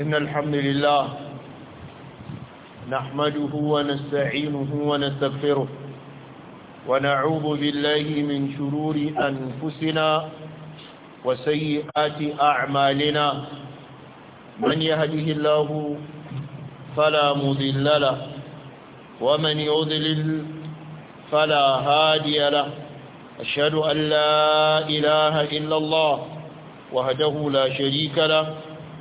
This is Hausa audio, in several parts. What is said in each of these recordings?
إن الحمد لله نحمده ونستعينه ونستغفره ونعوذ بالله من شرور أنفسنا وسيئات أعمالنا من يهده الله فلا مذل له ومن يضلل فلا هادي له أشهد أن لا إله إلا الله وهده لا شريك له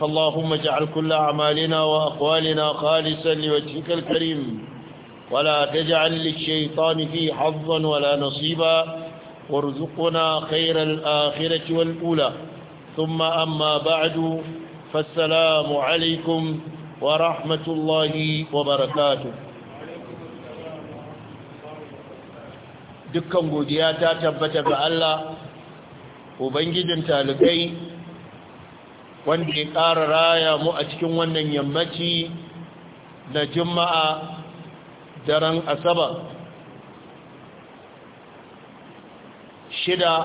فاللهم اجعل كل أعمالنا وأقوالنا خالصا لوجهك الكريم ولا تجعل للشيطان فيه حظا ولا نصيبا وارزقنا خير الآخرة والأولى ثم أما بعد فالسلام عليكم ورحمة الله وبركاته دكم قدياتا تبتب الله وبنجد تالكي wanda ya ƙara raya mu a cikin wannan yammaci na juma'a daren asaba shida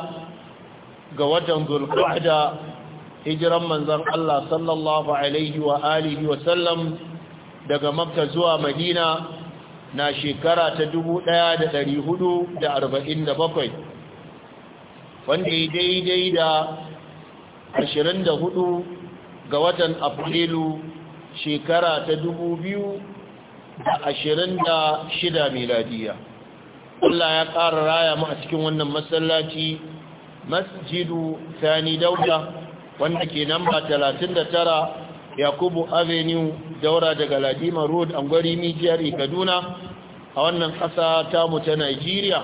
ga watan zulqa'da hijiran manzon Allah sallallahu alaihi wa alihi wa daga makka zuwa madina na shekara ta 1447 wanda daidai da hudu ga watan afrilu shekara ta da 2026 miladiya Allah ya ƙara raya mu a cikin wannan masallaci masjidu sani dauda wanda ke namba 39 yakubu avenue daura daga ladima road gwari mijiyar kaduna a wannan ƙasa tamu ta nigeria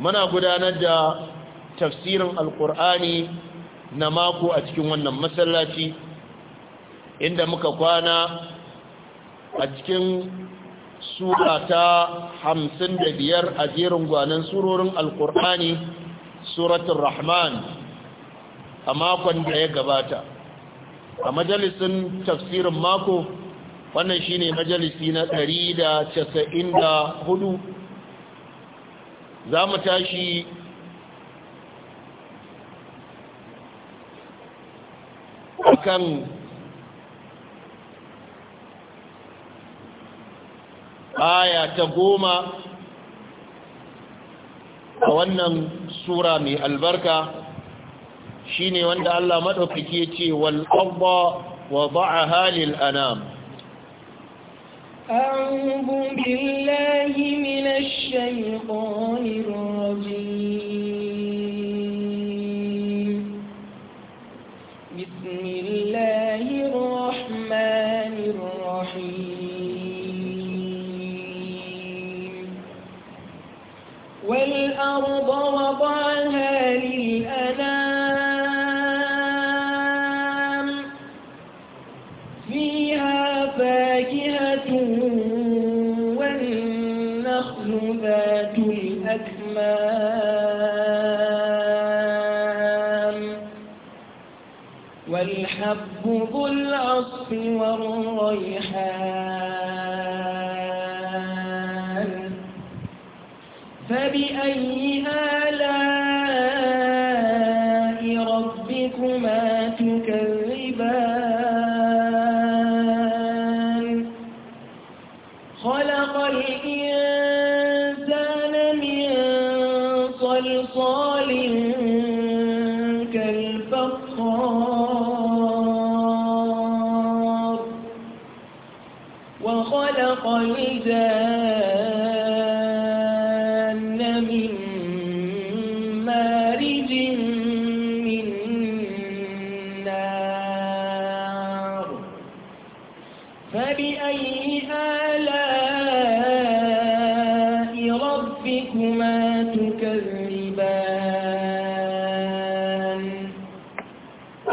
muna gudanar da tafsirin alkur'ani na mako a cikin wannan masallaci inda muka kwana a cikin sura ta hamsin da biyar a jerin gwanon surorin alkur'ani suratun rahman a makon da ya gabata a majalisun tafsirin mako wannan shine majalisi na ɗari da da hudu za mu tashi akan aya ta goma a wannan sura mai albarka shine wanda Allah madaukake ce wal arda wada'aha lil anam أعوذ بالله من الشيطان الرجيم والعصف والريحان فبأي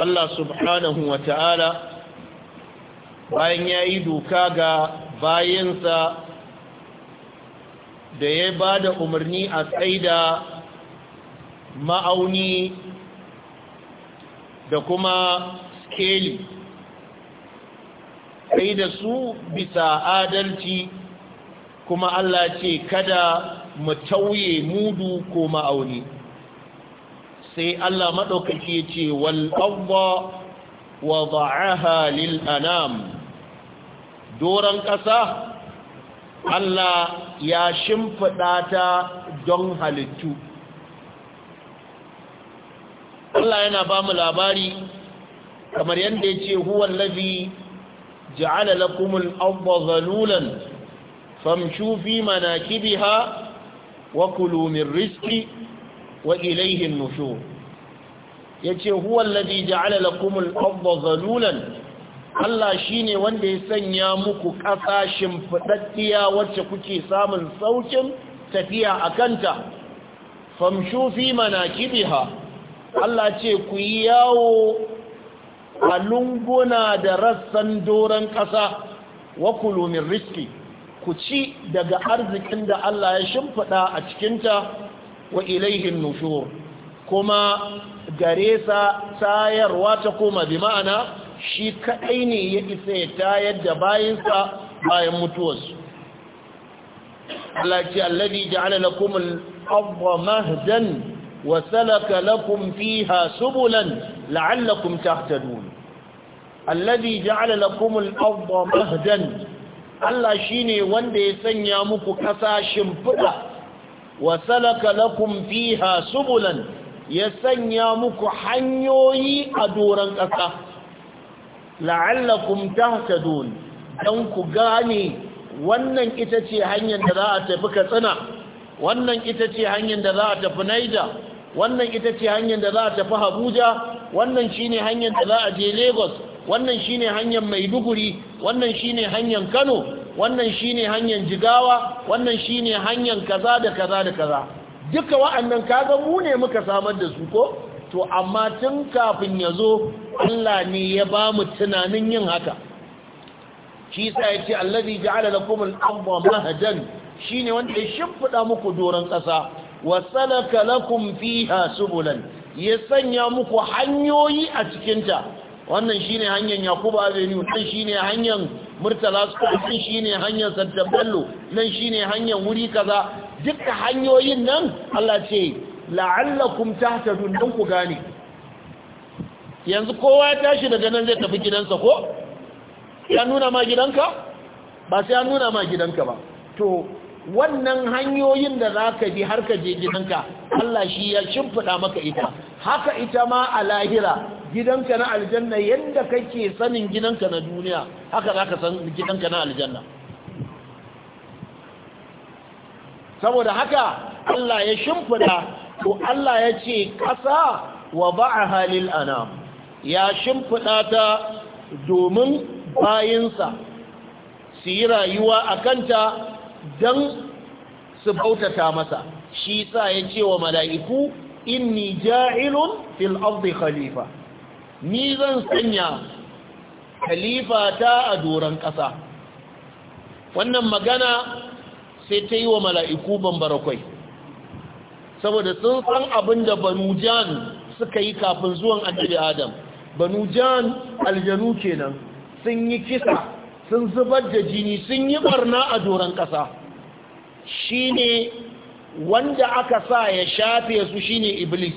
Allah subhanahu wa ta'ala bayan ya yi doka ga bayansa da ya ba da umarni a tsaida ma'auni da kuma skeli da su bisa adalci kuma Allah ce kada mu tauye mudu ko ma'auni sai Allah maɗaukaki ya ce wal'abba wa ba'aha lil'anam doron ƙasa Allah ya shimfiɗa ta don halittu Allah yana ba mu labari kamar yadda ya ce huwan lafi ja'ala lakumul abba zalulan famshufi fi ha. wa kulumin riski wa ilaihin yace ya ce huwa alladhi ja'ala lakum al-ardha zalulan Allah shine wanda ya sanya muku kasashin fadaddiya wacce kuke samun saukin tafiya akanta famshu fi manakibiha Allah ce ku yi yawo a lunguna da rassan doron kasa wa kulu min riski ku ci daga arzikin da Allah ya shimfida a cikinta wa ilaihin nushur kuma gare sa tayarwa ta koma bi ma'ana shi kaɗai ne ya isa ya tayar da bayansa bayan mutuwarsu Allah ce alladhi ja'ala lakum al wa salaka lakum fiha subulan la'allakum tahtadun alladhi ja'ala lakum al-ardha mahdan Allah shine wanda ya sanya muku kasa shimfida wa salaka lakum fiha subulan ya sanya muku hanyoyi a doron ƙasa la'allakum tahtadun dan ku gane wannan ita ce hanyar da za a tafi katsina wannan ita ce hanyar da za a tafi naija wannan ita ce hanyar da za a tafi abuja wannan shine hanyar da za a je lagos wannan shine hanyar maiduguri wannan shine hanyar kano wannan shine hanyar jigawa wannan shine hanyar kaza da kaza da kaza duka wa'annan kaga mu ne muka samar da su ko to amma tun kafin ya zo Allah ne ya ba mu tunanin yin haka shi sa ya ce allazi ja'ala lakum al-ardha mahdan shine wanda ya shimfida muku doron kasa wa salaka lakum fiha subulan ya sanya muku hanyoyi a cikin ta wannan shine hanyar yakuba azeni shine hanyar murtala su square shi ne hanyar santabello nan shi ne hanyar wuri kaza duka hanyoyin nan Allah ce la'allakum tahtadun dan ku gane yanzu kowa ya tashi daga nan zai tafi gidansa ko ya nuna ma gidanka ba sai ya nuna ma gidanka ba to wannan hanyoyin da za ka bi har ka je gidanka Allah shi ya shimfiɗa maka ita haka ita ma a lahira gidanka na aljanna yadda kake sanin gidanka na duniya haka za ka san gidanka na aljanna saboda haka Allah ya shimfida to Allah ya ce ƙasa wa a halil anam ya shimfida ta domin bayansa su yi rayuwa a kanta don su bautata masa shi sa ya ce wa mala'iku inni ja'ilun fil ardi khalifa ni zan sanya khalifa ta a doron ƙasa wannan magana sai ta yi wa mala'iku bambarakwai saboda sun san abin da banu jan suka yi kafin zuwan annabi adam banu jan aljanu kenan sun yi kisa sun zubar da jini sun yi barna a doron ƙasa shi ne wanda aka sa ya shafe su shine iblis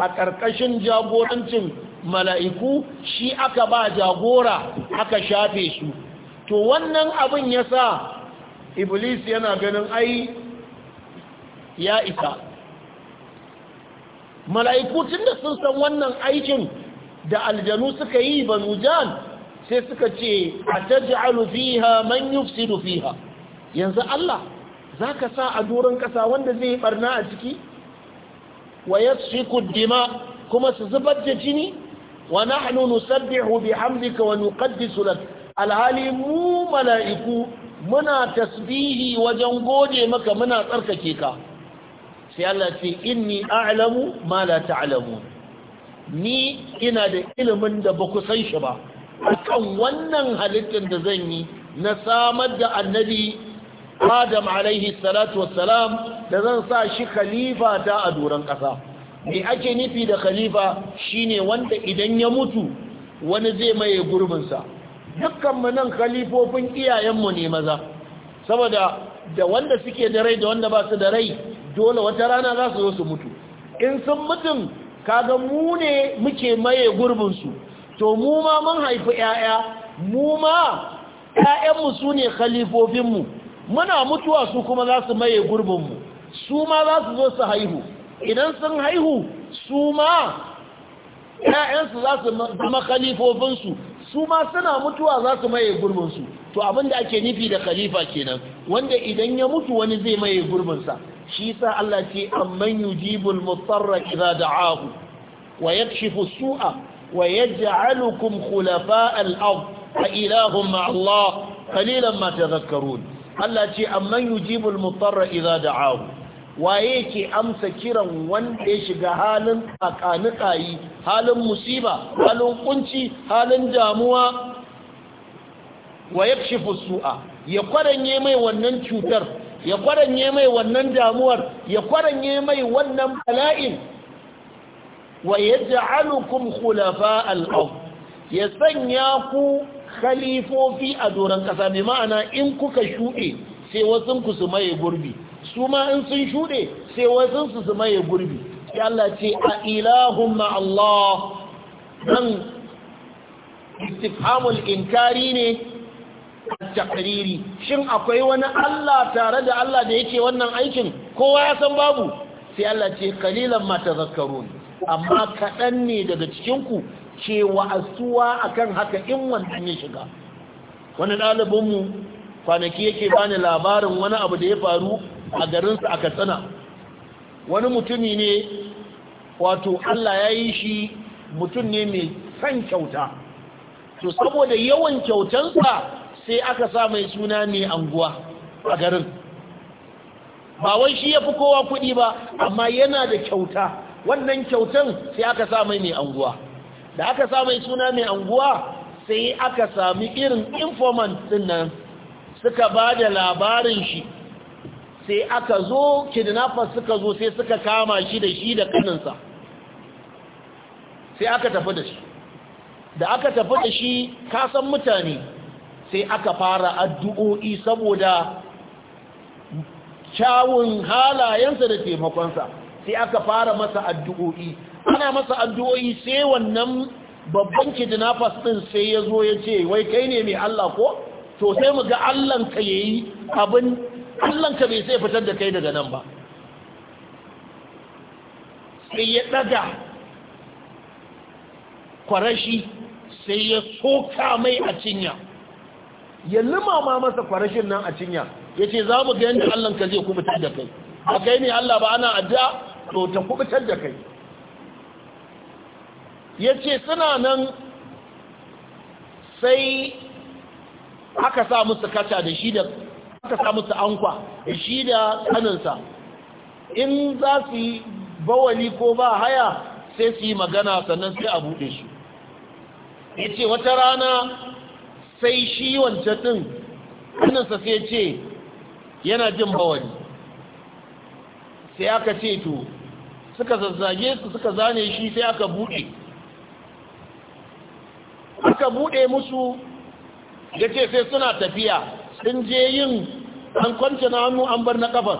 a ƙarƙashin jagorancin mala'iku shi aka ba jagora aka shafe su to wannan abin ya sa iblis yana ganin ai ya isa mala'iku tun da sun san wannan aikin da aljanu suka yi banu jan sai suka ce a ta ji alufiha man yufsidu fiha yanzu Allah za ka sa a doron ƙasa wanda zai yi ɓarna a ciki wa ya dima kuma su zubar da jini wa nahnu nusabbihu hamdika wa nuqaddisu lak alhali mu mala'iku muna tasbihi wajen gode maka muna tsarkake ka sai Allah ce inni a'lamu ma la ta'lamun ni ina da ilimin da ba ku san shi ba akan wannan halittar da zan yi na samar da annabi adam alaihi salatu wassalam da zan sa shi khalifa ta a doron ƙasa me ake nufi da khalifa shine wanda idan ya mutu wani zai maye gurbinsa dukkanmu nan khalifofin iyayenmu ne maza saboda da wanda suke da rai da wanda ba su da rai dole wata rana za su zo su mutu in sun mutum kaga mu ne muke maye su to mu ma mun haifi 'ya'ya mu ma 'ya'yanmu su ne khalifofinmu muna mutuwa su kuma za su maye gurbinmu su ma za su zo su haihu idan sun haihu su ma ‘ya'yansu za su zama khalifofinsu su ma suna mutuwa za su maye gurbinsu to abin da ake nufi da khalifa kenan wanda idan ya mutu wani zai maye gurbinsa shi sa Allah ce amman yujibul mutarra idza da'ahu wa yakshifu su'a wa yaj'alukum khulafa al-ard fa ilahum ma Allah qalilan ma tadhakkarun Allah ce amma yujibul mutarra idza da'ahu waye ke amsa kiran wanda ya shiga halin kakanikayi halin musiba halin kunci halin damuwa wa yakshifu su'a ya kwaranye mai wannan cutar ya kwaranye mai wannan damuwar ya kwaranye mai wannan bala'in wa yaj'alukum khulafa al-ard ya sanya ku khalifofi a doron ƙasa mai ma'ana in kuka shuɗe sai wasunku su maye gurbi su ma in sun shuɗe sai wasunsu su maye gurbi sai Allah ce a ilahun ma'allah ɗan istifhamul inkari ne a takariri shin akwai wani Allah tare da Allah da yake wannan aikin kowa ya san babu sai Allah ce kalilan mata zakarun amma kaɗan ne daga cikinku Cewa asuwa akan haka in wannan ya shiga wani ɗalibinmu kwanaki yake bani labarin wani abu da ya faru a garinsa a katsina wani mutumi ne wato Allah ya yi shi mutum ne mai san kyauta to saboda yawan kyautansa sai aka sa mai suna ne anguwa a garin ba wai shi ya fi kowa kuɗi ba amma yana da kyauta wannan kyautan sai aka sa mai mai anguwa da aka sa mai suna mai anguwa sai aka sami irin informant nan suka ba da labarin shi sai aka zo kidnappers suka zo sai suka kama shi da shi da kaninsa sai aka tafi da shi da aka tafi da shi kasan mutane sai aka fara addu'o'i saboda kyawun halayensa da taimakonsa sai aka fara masa addu'o'i ana masa addu'o'i sai wannan babban kidnappers ɗin sai ya zo ya ce wai kai ne mai Allah ko to sai mu ga Allahnka yi abin Allahnka bai sai fitar da kai daga nan ba sai ya ɗaga kwarashi sai ya soka mai a cinya ya limama masa kwarashin nan a cinya ya ce za mu ga yadda Allahnka zai kubutar da kai a kai ne Allah ba ana addu'a to ta kubutar da kai ya ce suna nan sai aka sa musu kaca da shi da aka sa musu ankwa da shi da kaninsa in za su yi bawali ko ba haya sai su yi magana sannan sai a buɗe shi ya ce wata rana sai shi wancan ɗin kaninsa sai ce yana jin bawali sai aka ce to suka zazzage su suka zane shi sai aka buɗe aka buɗe musu ya ce sai suna tafiya sun je yin an kwanci na hannu an bar na ƙafar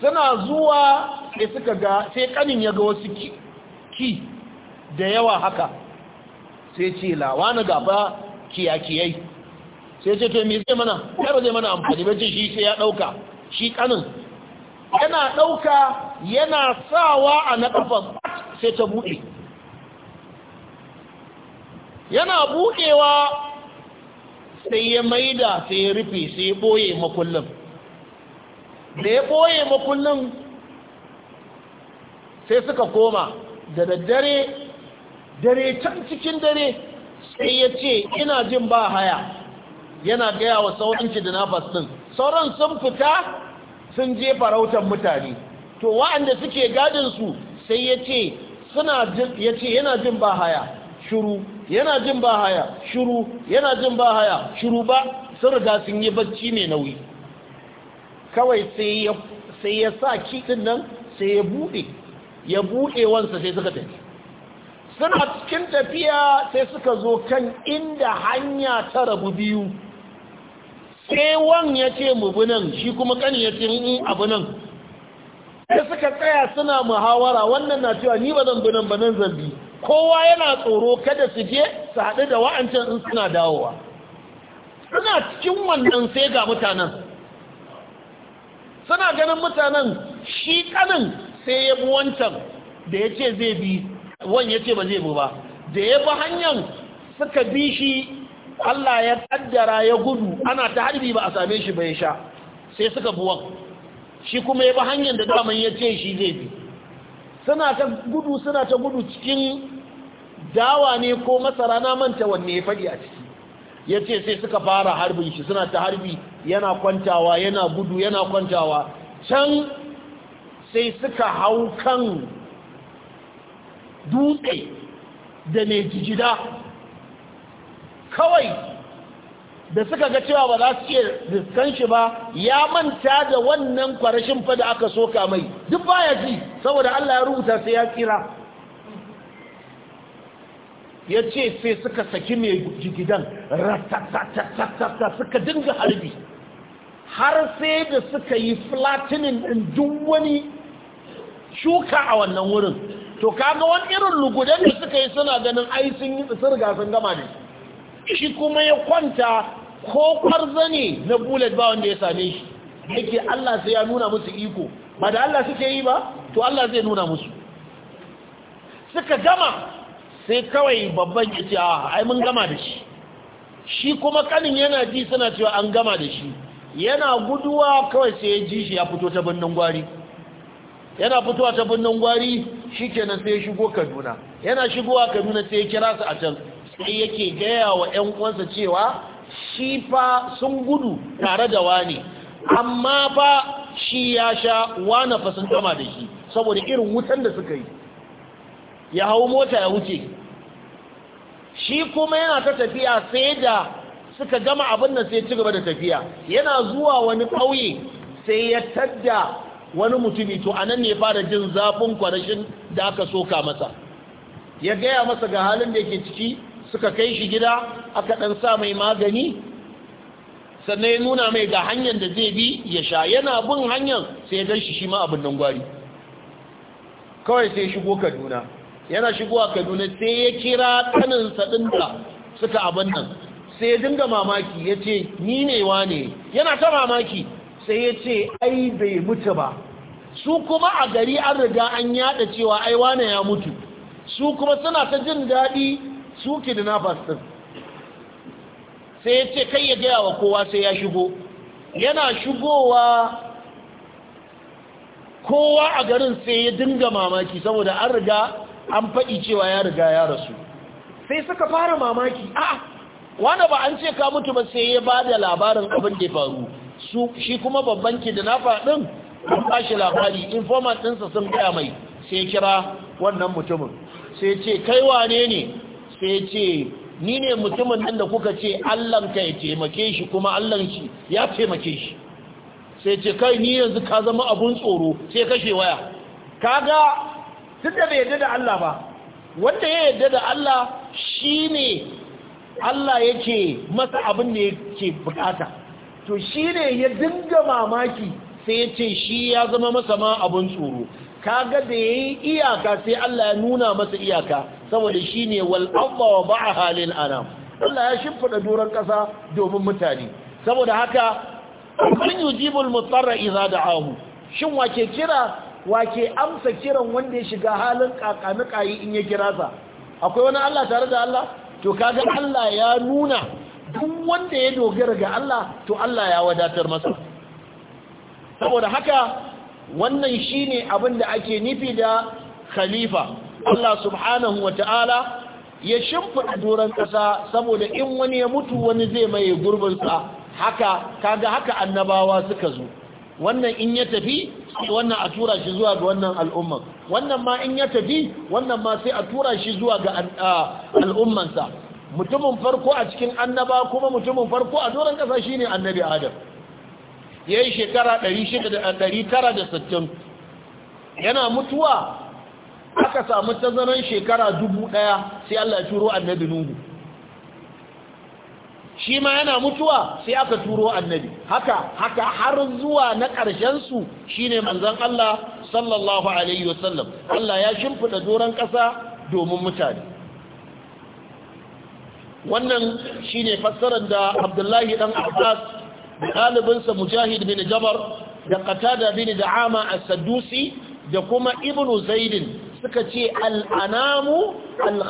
suna zuwa sai suka ga sai ƙanin ya ga wasu ki da yawa haka sai ce lawa na gaba kiyakiyai sai ce to me zai mana ya zai mana amfani ba ce shi sai ya ɗauka shi ƙanin yana ɗauka yana sawa a na ƙafar sai ta buɗe yana buɗewa sai ya maida sai ya rufe sai ya ɓoye makullin da ya ɓoye makullin sai suka koma da daddare dare can cikin dare sai ya ce ina jin ba haya yana gaya wa sauran kidnappers din sauran sun fita sun je farautar mutane to wa'anda suke gadin su sai ya ce yana jin ba haya shiru yana jin ba haya shiru yana jin ba haya shiru ba sun riga sun yi bacci mai nauyi kawai sai ya sa kitin nan sai ya buɗe ya buɗe wansa sai suka tafi suna cikin tafiya sai suka zo kan inda hanya ta rabu biyu sai wan ya ce mubinan shi kuma kan ya ce abu nan sai suka tsaya suna muhawara wannan na cewa ni ba zan binan ba nan zambi kowa yana tsoro kada su je su haɗu da wa'ancan in suna dawowa suna cikin wannan sai ga mutanen suna ganin mutanen shi kanin sai ya bi wancan da ya ce zai bi wani ya ce ba zai bi ba da ya bi hanyar suka bi shi Allah ya kaddara ya gudu ana ta harbi ba a same shi bai sha sai suka buwan shi kuma ya bi hanyar da daman ya ce shi zai bi suna ta gudu suna ta gudu cikin dawa ne ko masara na manta wanne ya faɗi a ciki ya ce sai suka fara harbin shi suna ta harbi yana kwantawa yana gudu yana kwantawa can sai suka hau kan dutse da mai jijida kawai da suka ga cewa ba za su iya riskan shi ba ya manta da wannan kwarashin fa da aka soka mai duk baya ji saboda Allah ya rubuta sai ya kira. ya ce sai suka saki mai gidan ratatatatatata suka dinga harbi har sai da suka yi flattening ɗin duk wani shuka a wannan wurin to kaga wani irin lugudan da suka yi suna ganin ai sun yi tsirga sun gama da shi kuma ya kwanta ko kwarza ne na bullet ba wanda ya same shi yake Allah sai ya nuna musu iko ba da Allah suke yi ba to Allah zai nuna musu suka gama sai kawai babban ya ce a ai mun gama da shi shi kuma kanin yana ji suna cewa an gama da shi yana guduwa kawai sai ya ji shi ya fito ta birnin gwari yana fitowa ta birnin gwari shikenan sai ya shigo Kaduna yana shigowa Kaduna sai ya kira su a can sai yake gaya wa ƴan uwansa cewa shi fa sun gudu tare da wani amma fa shi ya sha wani fa sun kama da shi saboda irin wutan da suka yi ya hau mota ya wuce shi kuma yana ta tafiya sai da suka gama abin da sai ci gaba da tafiya yana zuwa wani ƙauye sai ya tadda wani mutumi to anan ne fara jin zafin kwarashin da aka soka masa ya gaya masa ga halin da yake ciki suka kai shi gida aka ɗan sa mai magani sannan ya nuna mai ga hanyar da zai bi ya sha yana bin hanyar sai ya shi shi ma abin nan gwari kawai sai ya shigo kaduna yana shigowa kaduna sai ya kira kaninsa ɗin da suka abin nan sai ya dinga mamaki ya ce ni ne wa ne yana ta mamaki sai ya ce ai bai mutu ba su kuma a gari an riga an yada cewa ai wane ya mutu su kuma suna ta jin daɗi su nafas din sai ya ce kai ya gaya wa kowa sai ya shigo yana shigowa kowa a garin sai ya dinga mamaki saboda an riga an faɗi cewa ya riga ya rasu sai suka fara mamaki a wanda ba an ce ka mutu ba sai ya ba da labarin abin da faru shi kuma babban kidnapper ɗin an ba shi labari informant ɗinsa sun gaya mai sai kira wannan mutumin sai ce kai wane ne sai ce ni ne mutumin nan da kuka ce ka ya taimake shi kuma shi ya taimake shi sai ce kai ni yanzu ka zama abun tsoro sai kashe waya kaga duk da bai yadda da Allah ba wanda ya yadda da Allah shi ne Allah ya yake masa abin da yake bukata to shi ne ya dinga mamaki sai ya ce shi ya zama masa ma abin tsoro kaga da ya yi iyaka sai Allah ya nuna masa iyaka saboda shine ne ardha wa halin lil anam Allah ya shimfida doran ƙasa domin mutane saboda haka kun yujibul iza da ahu shin wake kira wake amsa kiran wanda ya shiga halin kakanikayi in ya kira sa akwai wani Allah tare da Allah to kaga Allah ya nuna duk wanda ya dogara ga Allah to Allah ya wadatar masa saboda haka wannan shine abin da ake nufi da khalifa Allah subhanahu wa ta'ala ya shimfiɗa doron ƙasa saboda in wani ya mutu wani zai maye gurbinsa haka kaga haka annabawa suka zo wannan in ya tafi wannan a tura shi zuwa ga wannan al'umman wannan ma in ya tafi wannan ma sai a tura shi zuwa ga al'ummansa mutumin farko a cikin annaba kuma mutumin farko a doron ƙasa shine annabi adam ya yi shekara 960 yana mutuwa aka samu tazaran shekara dubu ɗaya sai Allah ya turo annabi nuhu shi ma yana mutuwa sai aka turo annabi haka haka har zuwa na ƙarshensu shine manzon Allah sallallahu alaihi wasallam Allah ya shimfida doron ƙasa domin mutane wannan shine fassarar da Abdullahi dan Abbas ɗalibinsa Mujahid bin Jabar da Qatada bin Da'ama as-Saddusi da kuma Ibn Zaidin suka ce al'anamu al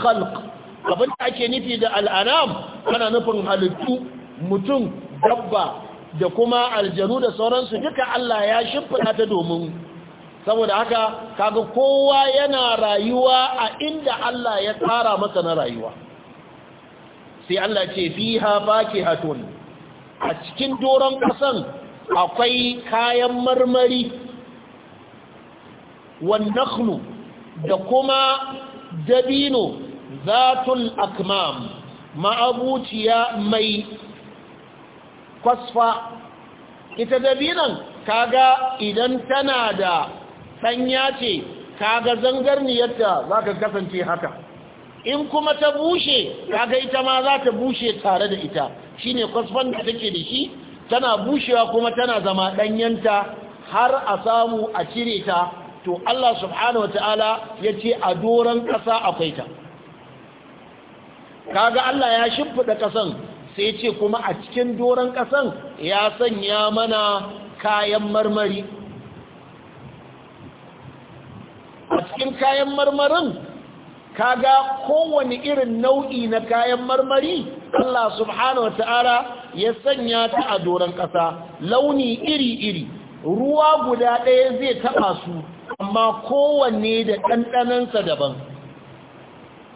abin da ake nufi da al'anam ana nufin halittu mutum dabba da kuma aljanu da sauransu duka Allah ya shimfina ta domin saboda haka kaga kowa yana rayuwa a inda Allah ya tsara masa na rayuwa sai Allah ce fiha haton a cikin doron kasan akwai kayan marmari wan nakhlu da kuma dabino zatul akmam ma'abuciya mai kwasfa ita dabinan kaga idan tana da ɗanya ce kaga zangarniyarta za ka kasance haka in kuma ta bushe kaga ita ma za ta bushe tare da ita shine kwasfan da take da shi tana bushewa kuma tana zama ɗanyenta har a samu a cire ta to Allah subhanahu wataala ya ce a doron ƙasa akwai ta kaga Allah ya shimfiɗa ƙasan sai ce kuma a cikin doron ƙasan ya sanya mana kayan marmari a cikin kayan marmarin kaga kowane irin nau'i na kayan marmari Allah subhanahu wata'ala ya sanya ta a doron ƙasa launi iri-iri ruwa guda ɗaya zai taɓa su amma kowanne da ɗanɗanansa daban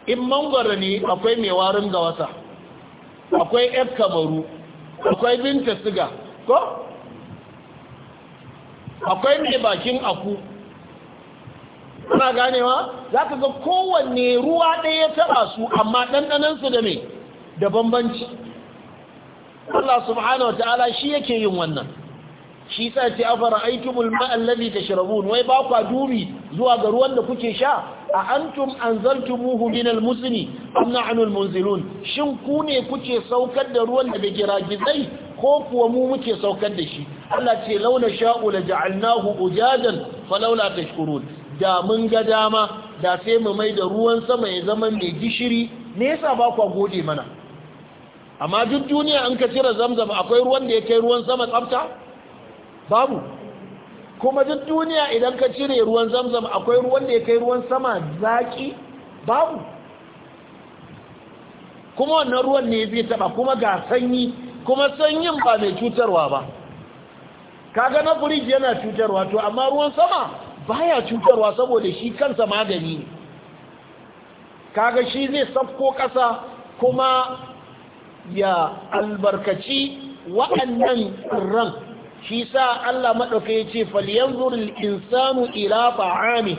in mangwara ne akwai mai warin ga wata akwai yar kamaru akwai binta siga ko akwai mai bakin aku ana ganewa za ka ga kowanne ruwa ɗaya taɓa su amma ɗanɗanansu da mai da bambanci Allah subhanahu wa ta'ala shi yake yin wannan shi sa ce afara aitumul bulma lalli ta shirabun wai ba kwa dubi zuwa ga ruwan da kuke sha a antum an zartumuhu min almusini am na'anul munzilun shin ku ne kuke saukar da ruwan da gira gizai ko kuwa mu muke saukar da shi Allah ce launa sha'u la ja'alnahu ujadan falaula tashkurun da mun ga dama da sai mu mai da ruwan sama ya zama mai gishiri me yasa ba kwa gode mana amma duk duniya an ka cire zamzam akwai ruwan da ya kai ruwan sama tsafta babu kuma duk duniya idan ka cire ruwan zamzam akwai ruwan da ya kai ruwan sama zaki babu kuma wannan ruwan ne zai taba kuma ga sanyi kuma sanyin ba mai cutarwa ba kaga na firiji yana cutarwa to amma ruwan sama baya cutarwa saboda shi kansa magani ne kaga shi zai safko kasa kuma ya albarkaci waɗannan ran shi sa Allah maɗauka ya ce falyanzurin insanu ilafa ta'ami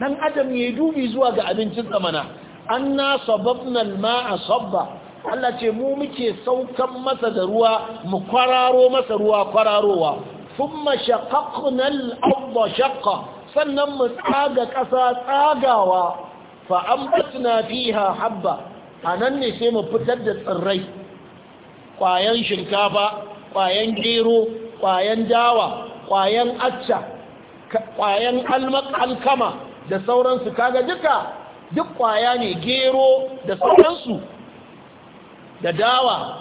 ɗan adam ya dubi zuwa ga abincin zamana an na sababnan a sabba Allah ce mu muke saukan masa da ruwa mu kwararo masa ruwa kwararowa sun mashaƙaƙunan abba shaƙa sannan mu tsaga ƙasa tsagawa na fiha habba a nan ne sai mu fitar da tsirrai Kwayan shinkafa kwayan gero ƙwayan dawa ƙwayan acca ƙwayan alkama da sauransu kaga duka duk ƙwaya ne gero da sauransu da dawa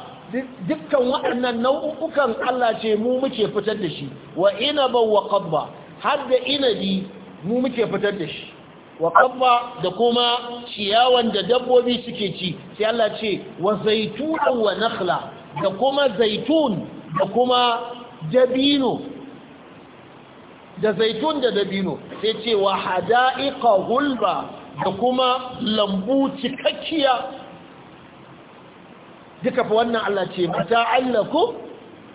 dukkan waɗannan nau'ukan Allah ce mu muke fitar da shi wa inaban wa qabba har da inabi mu muke fitar da shi wa qabba da kuma ciyawan da dabbobi suke ci sai Allah ce wa zaitun wa nakhla da kuma zaitun da kuma dabino da zaitun da dabino sai ce wa hada'iqa hulba da kuma lambu cikakkiya duka fa wannan Allah ce mata allaku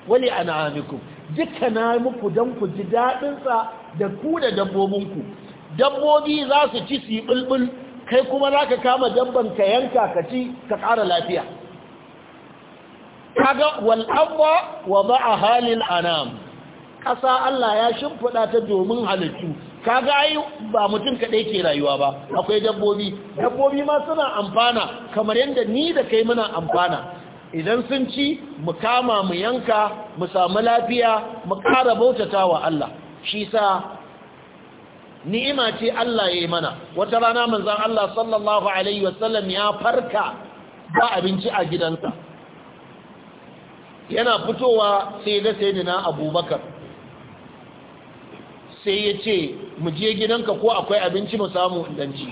wali an'amikum duka na muku dan ku ji dadin sa da ku da dabbobinku dabbobi za su ci su bulbul kai kuma zaka kama dabban ka yanka ka ci ka ƙara lafiya kaga wal abba wa ba'a halil anam ƙasa Allah ya shimfiɗa ta domin halittu kaga ai ba mutum kaɗai ke rayuwa ba akwai dabbobi dabbobi ma suna amfana kamar yadda ni da kai muna amfana idan sun ci mu kama mu yanka mu samu lafiya mu ƙara bautata wa Allah shi sa ni'ima ce Allah ya yi mana wata rana manzan Allah sallallahu Alaihi wasallam ya farka ba abinci a gidansa yana fitowa sai da-sai da na abubakar sai ya ce mu je gidanka ko akwai abinci mu samu danci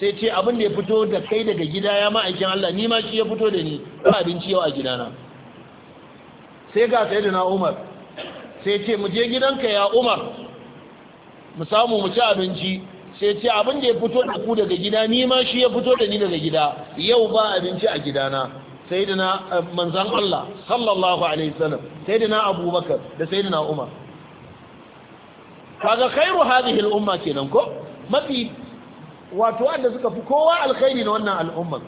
sai ce abin da ya fito da kai daga gida ya ma'aikin Allah ni ma shi ya fito da ni ba abinci yau a gidana sai ga na umar sai ce mu je gidanka ya umar mu samu mu ci abinci sai ce abin da ya fito da ku daga gida ni ma shi ya fito da ni daga gida yau ba abinci a gidana sayyidina eh, manzan Allah sallallahu alaihi wasallam sayyidina abubakar da sayyidina umar kaga khairu hadhihi al-umma kenan ko mafi wato wanda suka fi kowa alkhairi na wannan al'ummar.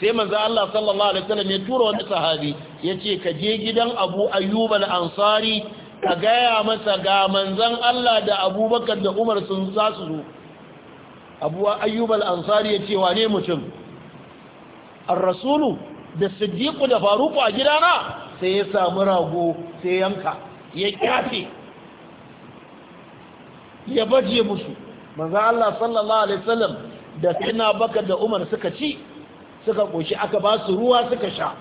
sai manzo Allah sallallahu alaihi sallam ya tura wani sahabi ce ka je gidan Abu Ayyub al-Ansari ka gaya masa ga manzan Allah da Abubakar da Umar sun za su zo Abu Ayyub al-Ansari yace wane mutum ar da siddiqu da faruku a gidana sai ya samu rago sai yanka ya kyafe ya baje musu manzo Allah sallallahu alaihi wasallam da kina baka da Umar suka ci suka koshi aka ba su ruwa suka sha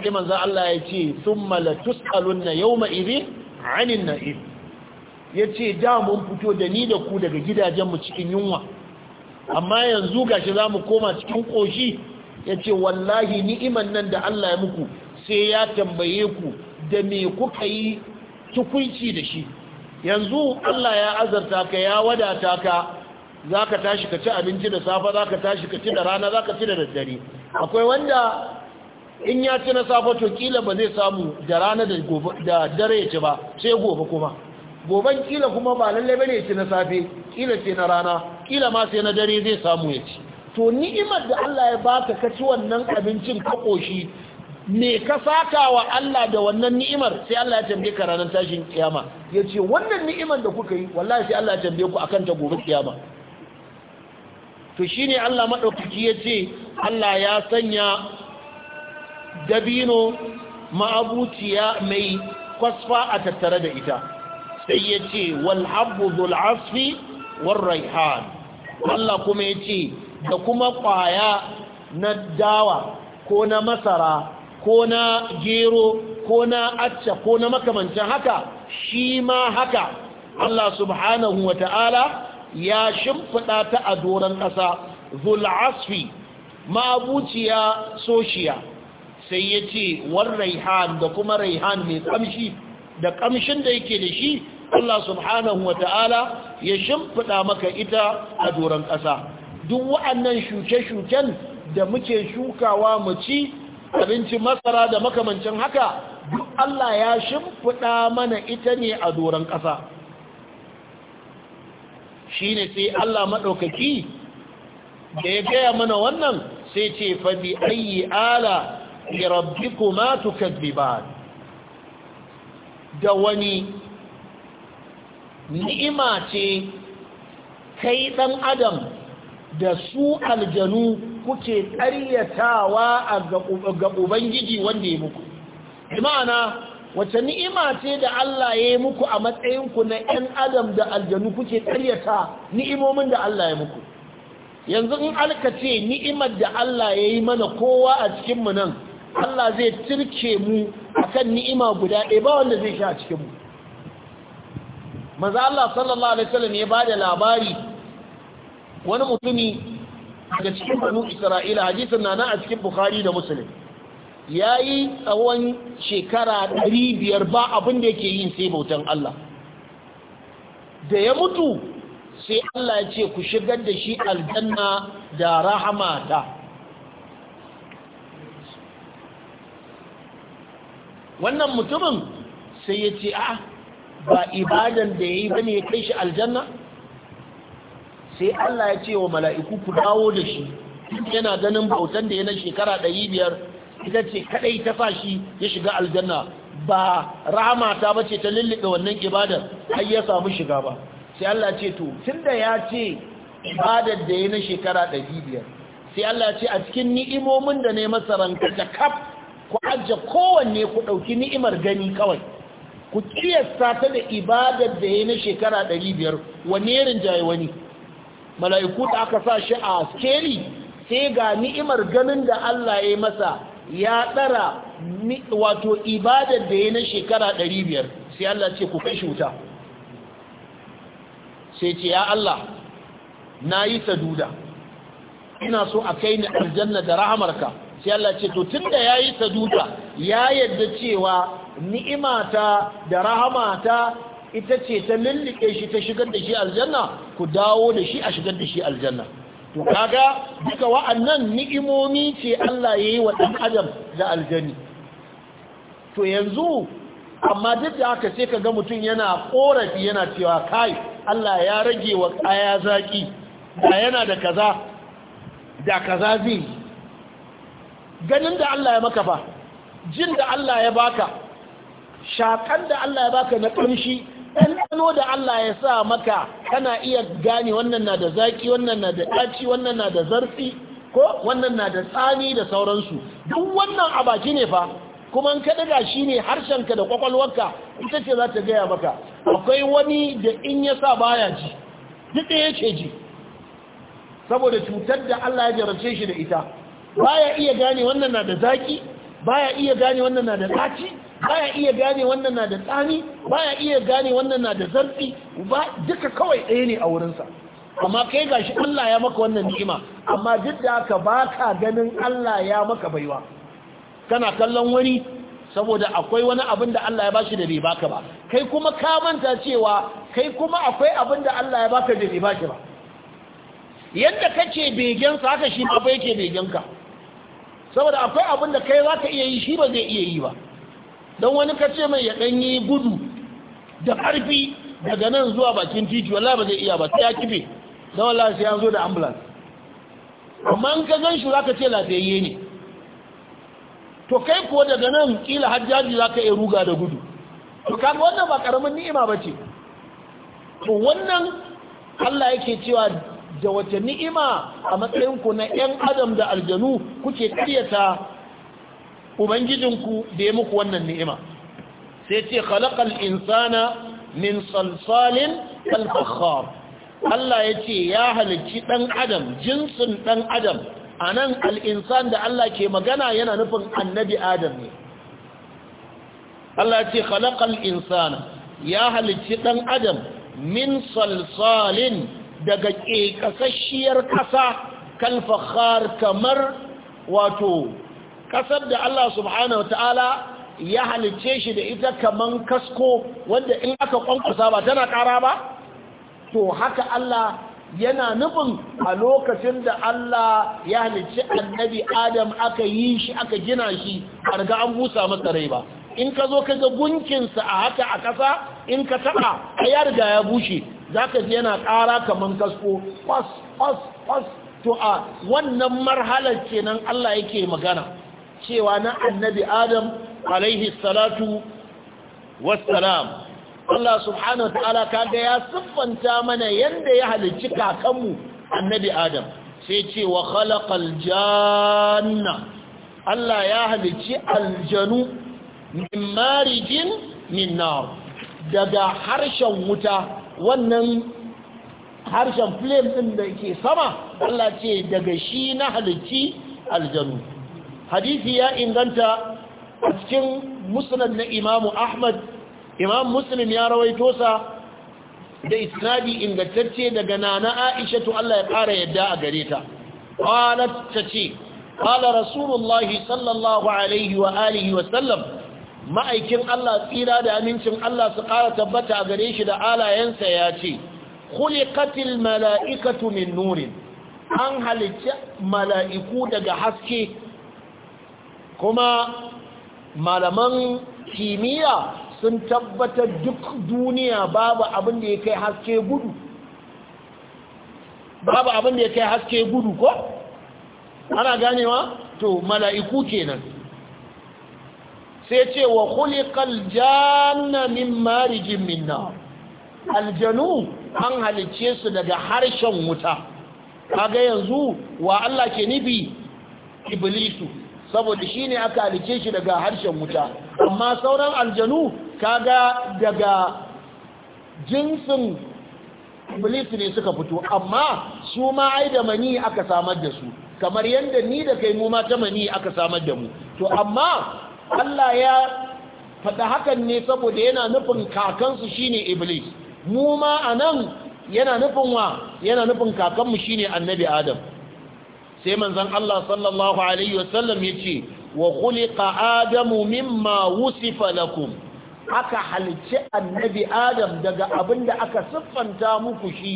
sai manzo Allah ya ce thumma la tusaluna yawma idhin 'anil na'im yace da mun fito da ni da ku daga gidajen mu cikin yunwa amma yanzu gashi zamu koma cikin koshi ya ce wallahi ni'iman nan da Allah ya muku sai ya tambaye ku da me kuka yi tukunci da shi yanzu Allah ya azarta ka ya wadata ka za ka tashi ka ci abinci da safa za ka tashi ka ci da rana za ka ci da daddare akwai wanda in ya ci na safa to kila ba zai samu da rana da dare ya ci ba sai gobe kuma goben kila kuma ba lallai bane ya ci na safe kila ce na rana kila ma sai na dare zai samu ya ci to ni'imar da Allah ya baka ka ci wannan abincin ka koshi me ka saka wa Allah da wannan ni'imar sai Allah ya tambaye ka ranar tashin kiyama ce wannan ni'imar da kuka yi wallahi sai Allah ya tambaye ku akan ta gobe kiyama to shine Allah madaukaki yace Allah ya sanya dabino ma'abuciya mai kwasfa a tattare da ita sai yace wal habbu dhul asfi war raihan Allah kuma yace da kuma ƙwaya na dawa ko na masara ko na gero ko na acca ko na makamancin haka shi ma haka Allah subhanahu wa ta'ala ya shimfiɗa ta a doron ƙasa zul'asfi ma'abuciya soshiya sai ya ce wan raihan da kuma raihan mai ƙamshi da ƙamshin da yake da shi Allah subhanahu wa ta'ala ya shimfiɗa maka ita a doron ƙasa duk wa'annan shuke-shuken da muke shukawa mu ci abinci masara da makamancin haka duk Allah ya shimfiɗa mana ita ne a doron ƙasa shi ne sai Allah maɗaukaki da ya gaya mana wannan sai ce faɗi ayi ala ya rabbi kuma ba. da wani ni'ima ce kai ɗan adam da su aljanu kuke ƙaryatawa a ga ubangiji wanda ya muku imana wace ni'ima ce da Allah ya muku a matsayinku na 'yan adam da aljanu kuke ƙaryata ni'imomin da Allah ya muku yanzu in alka ce ni'imar da Allah ya yi mana kowa a cikinmu nan Allah zai turke mu a kan ni'ima guda ɗaya ba wanda zai sha a cikinmu maza Allah sallallahu alaihi wasallam ya ba da labari wani mutumi daga cikin banu isra'ila hadisin na na a cikin bukhari da musulun ya yi tsawon shekara ɗari biyar ba abin da yake yin sai bautan Allah da ya mutu sai Allah ya ce ku shigar da shi aljanna da rahamata wannan mutumin sai ya ce a ba ibadan da ya yi bane ya kai shi aljanna sai Allah ya ce wa mala'iku ku dawo da shi yana ganin bautan da yana shekara ɗari biyar ita ce kaɗai ta sa shi ya shiga aljanna ba rahama ta bace ta lullube wannan ibadar har ya samu shiga ba sai Allah ce to tun da ya ce ibadar da yana shekara ɗari biyar sai Allah ce a cikin ni'imomin da ne masa ranka ta kaf ku ajiye kowanne ku ɗauki ni'imar gani kawai ku kiyasta ta da ibadar da na shekara ɗari biyar wanne rinjaye wani mala'iku da aka sa shi a skeli sai ga ni'imar ganin da Allah ya masa ya tsara wato ibadar da ya na shekara 500 sai Allah ce ku kai shi wuta sai ce ya Allah na yi saduda ina so a kai ni aljanna da rahamarka sai Allah ce to tunda ya yi saduda ya yadda cewa ni'imata da rahamata ita ce ta lullike shi ta shigar da shi aljanna ku dawo da shi a shigar da shi aljanna to kaga duka wa'annan ni'imomi ce Allah ya yi wa ɗan adam da aljani to yanzu amma duk da haka sai kaga mutum yana korafi yana cewa kai Allah ya rage wa kaya zaki da yana da kaza da kaza zai ganin da Allah ya maka ba jin da Allah ya baka shakan da Allah ya baka na ƙamshi ɗanɗano da Allah ya sa maka kana iya gane wannan na da zaki wannan na da ɗaci wannan na da zarfi ko wannan na da tsani da sauransu duk wannan a baki ne fa kuma in ka daga shi ne harshenka da kwakwalwarka ita ce za ta gaya maka akwai wani da in ya sa baya ji duk ya ce ji saboda cutar da Allah ya jarace shi da ita baya iya gane wannan na da zaki baya iya gane wannan na da ɗaci baya iya gane wannan na da tsani baya iya gane wannan na da zarfi ba duka kawai ɗaya ne a wurinsa amma kai gashi Allah ya maka wannan ni'ima amma duk da haka baka ganin Allah ya maka baiwa kana kallon wani saboda akwai wani abin da Allah ya bashi da bai baka ba kai kuma ka manta cewa kai kuma akwai abin da Allah ya baka da bai baki ba yadda kake begen sa haka shi ba yake begen ka saboda akwai abin da kai zaka iya yi shi ba zai iya yi ba don wani ka ce mai ya ɗanyi gudu da ƙarfi daga nan zuwa bakin titi wala ba zai iya ba sai ya kife don wallah sai ya zo da ambulance amma in ka gan shi za ka ce lafiyayye ne to kai kuwa daga nan kila hajjaji za ka iya ruga da gudu to kaga wannan ba karamin ni'ima ba ce to wannan Allah yake cewa da wace ni'ima a matsayinku na 'yan adam da aljanu kuke ƙaryata ubangijinku da ya muku wannan ni'ima sai ce khalaqal insana min salsalin kal fakhar Allah yace ya halicci dan adam jinsin dan adam anan al insan da Allah ke magana yana nufin annabi adam ne Allah yace khalaqal insana ya halicci dan adam min salsalin daga kasasshiyar kasa kal fakhar kamar wato ƙasar da Allah subhanahu ta'ala ya halicce shi da ita kaman kasko wanda in aka kwankwasa ba tana ƙara ba to haka Allah yana nufin a lokacin da Allah ya halicci annabi Adam aka yi shi aka gina shi a riga an busa masa rai ba in ka zo ka ga gunkinsa a haka a ƙasa in ka taɓa a ya riga ya bushe za ka ji yana ƙara kaman kasko kwas kwas kwas to a wannan marhalar kenan Allah yake magana cewa na annabi adam alaihi salatu wassalam Allah subhanahu wa ta'ala kaga ya siffanta mana yanda ya halicci kakanmu annabi adam sai ce wa khalaqal janna Allah ya halicci aljanu min marijin min nar daga harshen wuta wannan harshen flame din da ke sama Allah ce daga shi na halicci aljanu hadisi ya inganta a cikin musnad na imamu ahmad imam muslim ya rawaito sa da isnadi ingantacce daga nana aisha to Allah ya ƙara yadda a gare ta qalat tace qala rasulullahi sallallahu alaihi wa alihi wa sallam ma'aikin Allah tsira da amincin Allah su kara tabbata a gare shi da alayensa ya ce khuliqatil mala'ikatu min nurin an halicci mala'iku daga haske kuma malaman kimiyya sun tabbatar duk duniya babu abin da ya kai haske gudu babu abin da ya kai haske gudu ko ana ganewa to mala'iku kenan sai ce wa kulikal janna min marijin minna aljanu an halicce su daga harshen wuta kaga yanzu wa Allah ke nibi iblisu saboda shi ne aka halice shi daga harshen wuta amma sauran aljanu kaga daga jinsin iblis ne suka fito amma su ma ai da mani aka samar da su kamar yadda ni da kai mu ma ta mani aka samar da mu to amma Allah ya faɗa hakan ne saboda yana nufin kakansu shi ne iblis mu ma nan yana nufin wa yana nufin kakanmu ne annabi adam sai manzon Allah sallallahu alaihi wasallam yace wa khuliqa adamu mimma wusifa lakum aka halci annabi adam daga da aka siffanta muku shi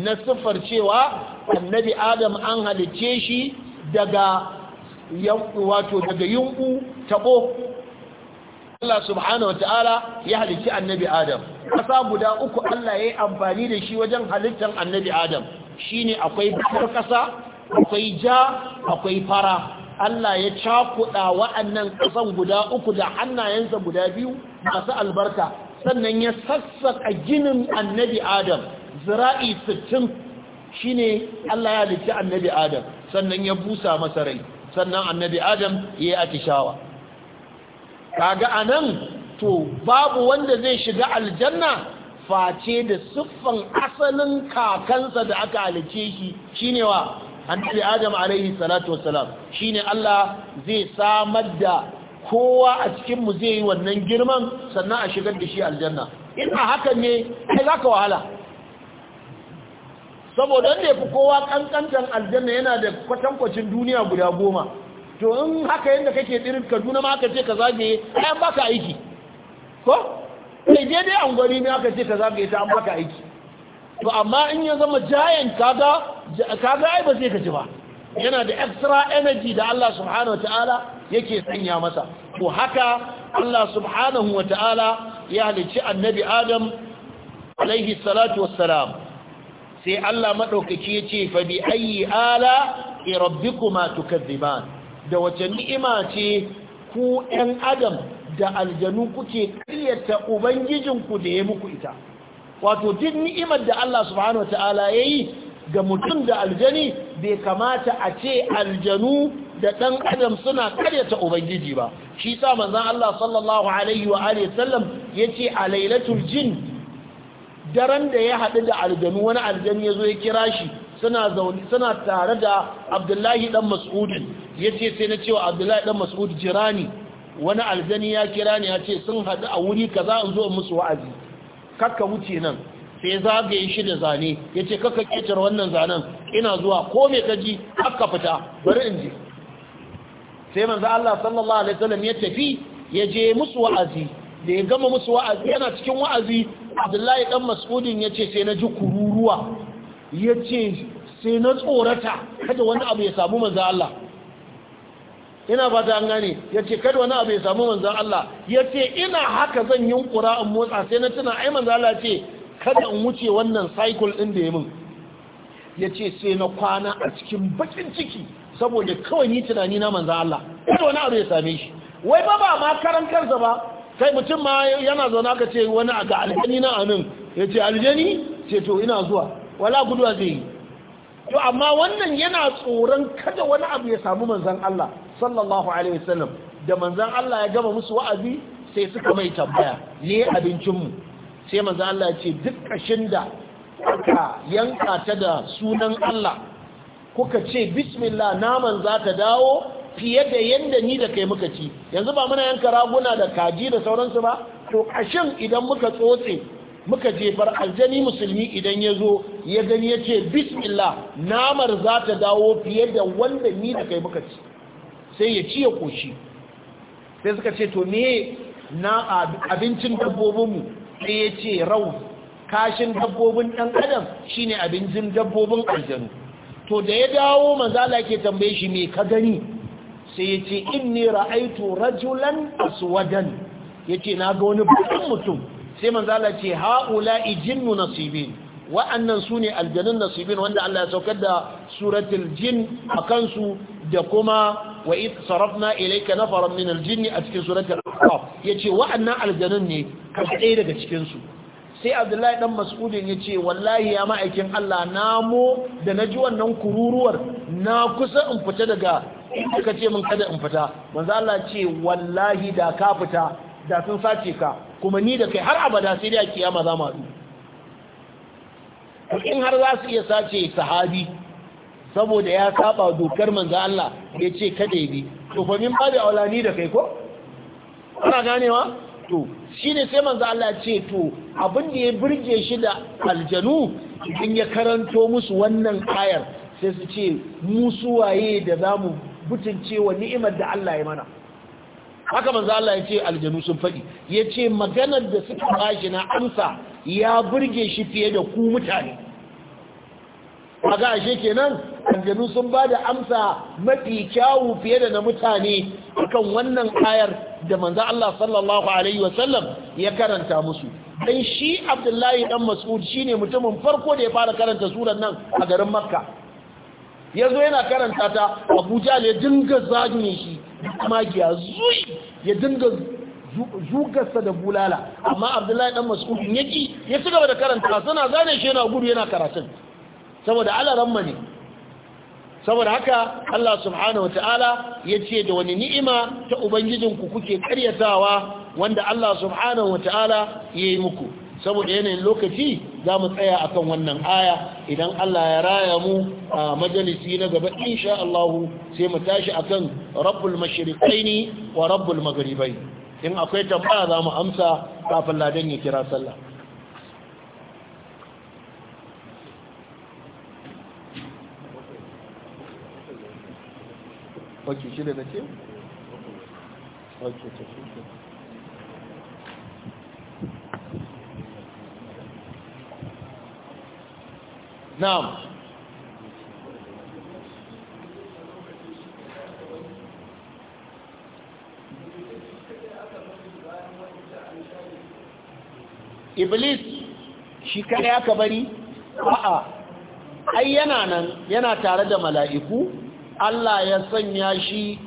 na siffar cewa annabi adam an halice shi daga wato daga yunku tabo Allah subhanahu wa ta'ala ya halicci annabi Adam ƙasa guda uku Allah ya yi amfani da shi wajen halittar annabi Adam shine akwai bakar ƙasa akwai ja akwai fara Allah ya cakuɗa wa'annan ƙasan guda uku da hannayensa guda biyu masu albarka sannan ya sassaka ginin annabi Adam zira'i sittin shine Allah ya liki annabi Adam sannan ya busa masa rai sannan annabi Adam ya yi atishawa kaga anan to babu wanda zai shiga aljanna face da siffan asalin kakansa da aka alice shi shine wa annabi adam alaihi salatu wassalam shine Allah zai samar da kowa a cikin mu zai yi wannan girman sannan a shigar da shi aljanna ina hakan ne sai zaka wahala saboda wanda yafi kowa kankantan aljanna yana da kwatankwacin duniya guda goma to in haka yanda kake dirin Kaduna ma aka ce ka zagaye ai baka aiki ko sai dai an gwari ne aka ce ka zagaye ta an baka aiki to amma in ya zama jayan kaga kaga ai ba zai gaji ba yana da extra energy da Allah subhanahu wataala yake sanya masa to haka Allah subhanahu wataala ya halicci annabi Adam alaihi salatu wassalam sai Allah madaukaki yace fa bi ayi ala rabbikuma tukadziban da wace ni'ima ce ku ɗan adam da aljanu kuke ƙaryata ubangijinku da ya muku ita wato duk ni'imar da Allah subhanahu wataala yayi ga mutum da aljani bai kamata a ce aljanu da ɗan adam suna karyata ubangiji ba shi sa manzon Allah sallallahu alaihi wa alihi sallam yace a lailatul jin daren da ya haɗu da aljanu wani aljani yazo ya kira shi suna zaune suna tare da Abdullahi dan Mas'ud yace sai na cewa Abdullahi dan Mas'ud jirani wani aljani ya kira ni yace ce sun haɗu a wuri kaza in zo musu wa'azi kakka wuce nan sai zagaye shi da zane ya ce kakka ƙetar wannan zanen ina zuwa ko mai kaji haka fita bari in ji sai manzo Allah sallallahu alaihi wasallam ya tafi ya je musu wa'azi da ya gama musu wa'azi yana cikin wa'azi Abdullahi dan Mas'udin ya ce sai na ji kururuwa ya ce sai na tsorata kada wani abu ya samu manza Allah ina ba ta gane ya ce kada wani abu ya samu manzan Allah ya ce ina haka zan yi kura in motsa sai na tuna ai manzan Allah ce kada in wuce wannan cycle ɗin da ya min ya ce sai na kwana a cikin bakin ciki saboda kawai ni tunani na manzan Allah kada wani abu ya same shi wai ba ba ma karan kansa ba kai mutum ma yana zaune aka ce wani ga aljani na amin ya ce aljani ce to ina zuwa wala guduwa zai yi to amma wannan yana tsoron kada wani abu ya samu manzan Allah sallallahu alaihi wasallam da manzon Allah ya gama musu wa'azi sai suka mai tambaya ne abincinmu sai manzon Allah ya ce duk kashin da aka yanka ta da sunan Allah kuka ce bismillah naman za ta dawo fiye da yanda ni da kai muka ci yanzu ba muna yanka raguna da kaji da sauransu ba to kashin idan muka tsotse muka jefar aljani musulmi idan ya zo ya gani ya ce bismillah namar za ta dawo fiye da wanda ni da kai muka ci sai ya ci ya koshi sai suka ce to me na abincin dabbobinmu sai ya ce rau kashin dabbobin ɗan adam shine abincin dabbobin aljanu to da ya dawo manzala ke tambaye shi me ka gani sai ya ce inni ra'aitu rajulan aswadan yace na ga wani bakin mutum sai manzala ce haula ijinnu nasibin wa'annan su ne aljanun nasibin wanda Allah ya saukar da suratul jin a kansu da kuma wa id sarafna ilayka nafaran min aljinni a cikin suratul ahqaf yace wa'annan aljanun ne ka ɗaya daga cikin su sai abdullahi dan mas'udin yace wallahi ya ma'aikin Allah namu da naji wannan kururuwar na kusa in fita daga inda ka ce min kada in fita manzo Allah ce wallahi da ka fita da sun sace ka kuma ni da kai har abada sai da kiyama za mu haɗu in har za su iya sace sahabi saboda ya saba dokar manzo Allah ya ce kada ya to fa min bada aulani da kai ko kana ganewa to shine sai manzo Allah ya ce to abin da ya burge shi da aljanu idan ya karanto musu wannan ayar sai su ce mu waye da zamu butunce wa ni'imar da Allah ya mana haka manzo Allah ya ce aljanu sun faɗi ya ce maganar da suka bashi na amsa ya burge shi fiye da ku mutane kaga ashe kenan aljanu sun ba da amsa mafi kyawu fiye da na mutane akan wannan ayar da manzo Allah sallallahu alaihi wasallam ya karanta musu dan shi Abdullahi dan Mas'ud shine mutumin farko da ya fara karanta surar nan a garin Makka yazo yana karanta ta Abu Jahl ya dinga zagin shi magiya zui ya dinga zugarsa da bulala amma Abdullahi dan Mas'ud yaki ya ci gaba da karanta suna zane shi yana gudu yana karatun saboda alaramma ne saboda haka Allah subhanahu wataala ce da wani ni'ima ta ubangijinku kuke karyatawa wanda Allah subhanahu wataala yayi muku saboda yanayin lokaci za mu tsaya akan wannan aya idan Allah ya raya mu a majalisi na gaba insha Allah sai mu tashi akan rabbul mashriqaini wa rabbul maghribain in akwai tambaya za mu amsa kafin ladan ya kira sallah ok da na ce? ok ta shi na'am iblis shi kada aka bari a'a ai yana nan yana tare da mala'iku Allah ya sanya shi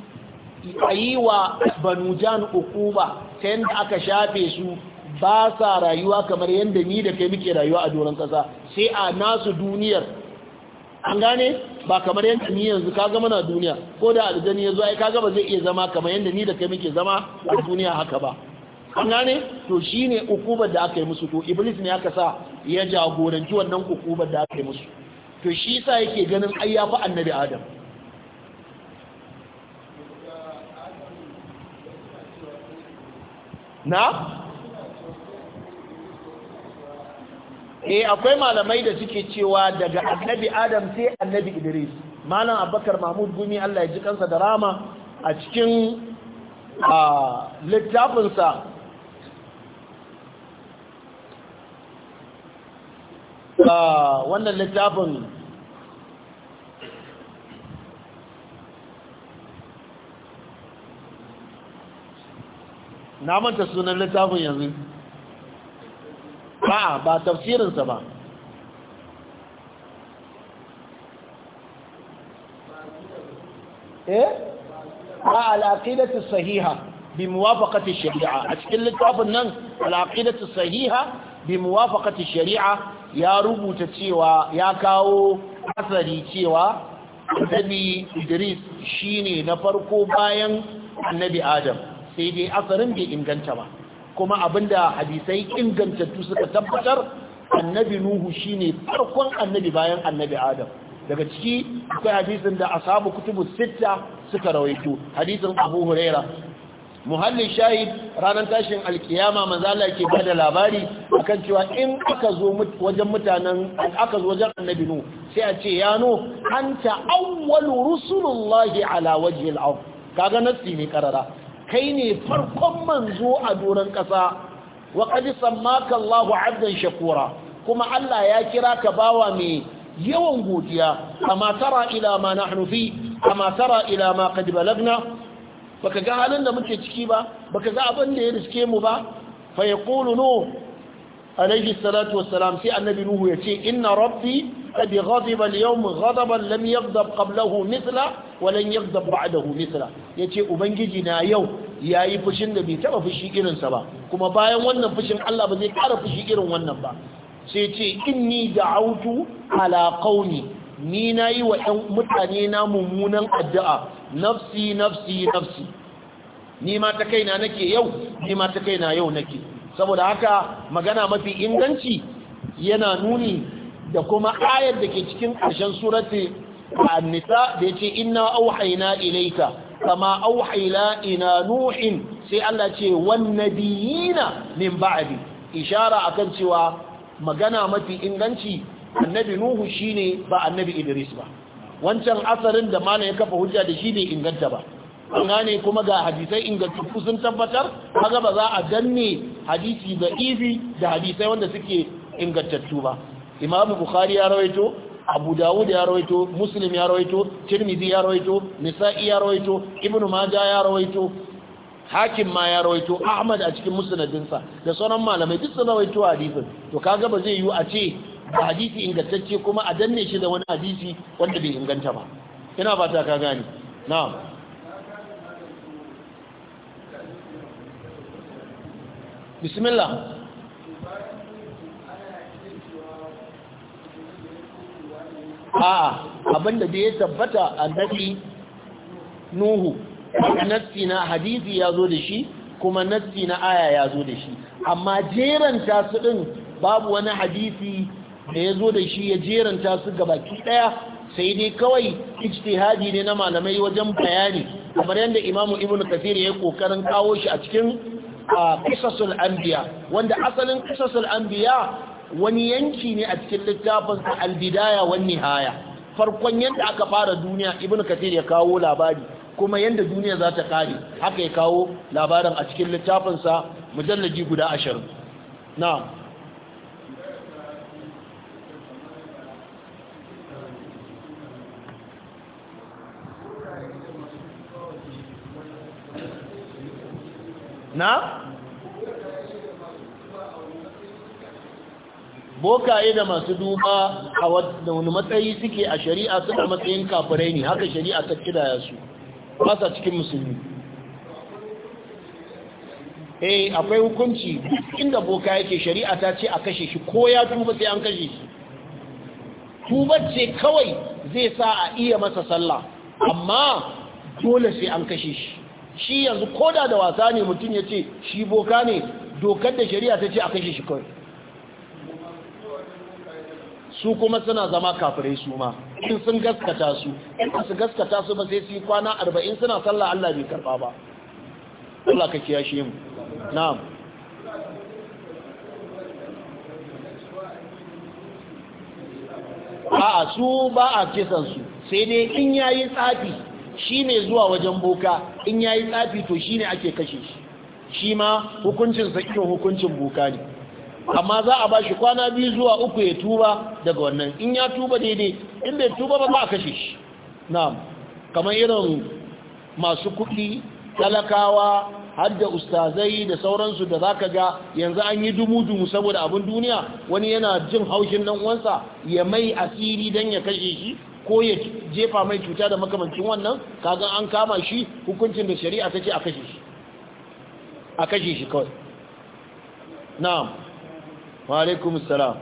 a yi wa banujan ukuba ta yadda aka shafe su ba sa rayuwa kamar yadda ni da kai muke rayuwa a doron ƙasa sai a nasu duniyar an gane ba kamar yadda ni yanzu ka gama na duniya ko da aljani ya zuwa ai ka gama zai iya zama kamar yadda ni da kai muke zama a duniya haka ba an gane to ne ukubar da aka yi musu to iblis ne aka sa ya jagoranci wannan ukubar da aka yi musu to shi sa yake ganin ai annabi adam na eh akwai malamai da suke cewa daga annabi adam sai annabi idris malam abubakar mahmud gumi allah ya ji kansa da rama a cikin littafinsa wannan littafin na manta sunan littafin yanzu ba ba tafsirinsa ba eh ba al'aqidatu sahiha bi muwafaqati shari'a a cikin littafin nan al'aqidatu sahiha bi muwafaqati shari'a ya rubuta cewa ya kawo asari cewa annabi Idris shine na farko bayan annabi Adam sai dai asarin bai inganta ba kuma abinda hadisai ingantattu suka tabbatar annabi nuhu shine farkon annabi bayan annabi adam daga ciki akwai hadisin da ashabu kutubu sitta suka rawaito hadisin abu huraira muhallin shahid ranar tashin alkiyama manzo Allah yake bada labari akan cewa in aka zo wajen mutanen aka zo wajen annabi nuhu sai a ce ya nu anta awwalu rusulullahi ala wajhi al-ard kaga nasi ne karara kai ne farkon manzo a doron ƙasa wa qad 'abdan shakura kuma Allah ya kira ka bawa mai yawan godiya amma tara ila ma nahnu fi amma tara ila ma qad balagna ka ga halin da muke ciki ba baka ga abin da ya riske mu ba fa yaqulu nu alayhi salatu wassalam sai annabi nuhu ce inna rabbi قد غضب اليوم غضبا لم يغضب قبله مثله ولن يغضب بعده مثله yace ubangiji na yau yayi fushin da bai taba fushi irin sa ba kuma bayan wannan fushin Allah ba zai ƙara fushi irin wannan ba sai ce inni da'autu ala qaumi ni nayi wa ɗan mutane na mummunan addu'a nafsi nafsi nafsi ni ma ta kaina nake yau ni ma ta kaina yau nake saboda haka magana mafi inganci yana nuni da kuma ayar da ke cikin ƙarshen surati a nisa da yace inna auhayna ilayka kama auhayna ina nuhin sai Allah ce wan nabiyina min ba'di ishara kan cewa magana mafi inganci annabi nuhu shine ba annabi idris ba wancan asarin da malam ya kafa hujja da shi bai inganta ba an ne kuma ga hadisai ingantattu sun tabbatar kaga ba za a danne hadisi da izi da hadisai wanda suke ingantattu ba imamu bukhari ya rawaito abu dawud ya rawaito muslim ya rawaito tirmidhi ya rawaito nisa'i ya rawaito ibnu majah ya rawaito hakim ma ya rawaito ahmad a cikin musnadinsa da sauran malamai duk sun rawaito hadisin to kaga ba zai yiwu a ce ba hadisi ingantacce kuma a danne shi da wani hadisi wanda bai inganta ba ina fata ka gane na'am bismillah a'a abinda da ya tabbata annabi nuhu nassi na hadisi ya zo da shi kuma nassi na aya ya zo da shi amma jeranta su din babu wani hadisi da ya zo da shi ya jeranta su gabaki daya sai dai kawai ijtihadi ne na malamai wajen bayani kamar yadda imamu ibnu kasir ya kokarin kawo shi a cikin kisasul anbiya wanda asalin kisasul anbiya wani yanki ne a cikin littafin al-bidaya wan nihaya farkon yadda aka fara duniya ibnu kathir ya kawo labari kuma yadda duniya za ta kare haka ya kawo labarin a cikin littafin sa mujallaji guda ashirin? na'am na bokaye da masu duba a wani matsayi suke a shari'a suna matsayin kafirai ne haka shari'a ta ya su masa cikin musulmi eh akwai hukunci inda boka yake shari'a ta ce a kashe shi ko ya tuba sai an kashe shi tubar ce kawai zai sa a iya masa sallah amma dole sai an kashe shi shi yanzu koda da wasa ne mutum ya ce shi boka ne dokar da shari'a ta ce a kashe shi kawai su kuma suna zama kafirai su ma in sun gaskata su in su gaskata su ba sai su yi kwana arba'in suna sallah Allah bai karba ba Allah ka kiyashe mu na'am a su ba a kisan su sai dai in yayi tsafi shine zuwa wajen boka in yayi tsafi to shine ake kashe shi shi ma hukuncin sa hukuncin boka ne amma za a ba shi kwana biyu zuwa uku ya tuba daga wannan in ya tuba daidai in bai tuba ba ba a kashe shi na'am kamar irin masu kuɗi talakawa har da ustazai da sauransu da za ka ga yanzu an yi dumu-dumu saboda abin duniya wani yana jin haushin nan wansa ya mai asiri don ya kashe shi ko ya jefa mai cuta da makamancin wannan kaga an kama shi hukuncin da shari'a ta ce a kashe shi a kashe shi kawai na'am wa salam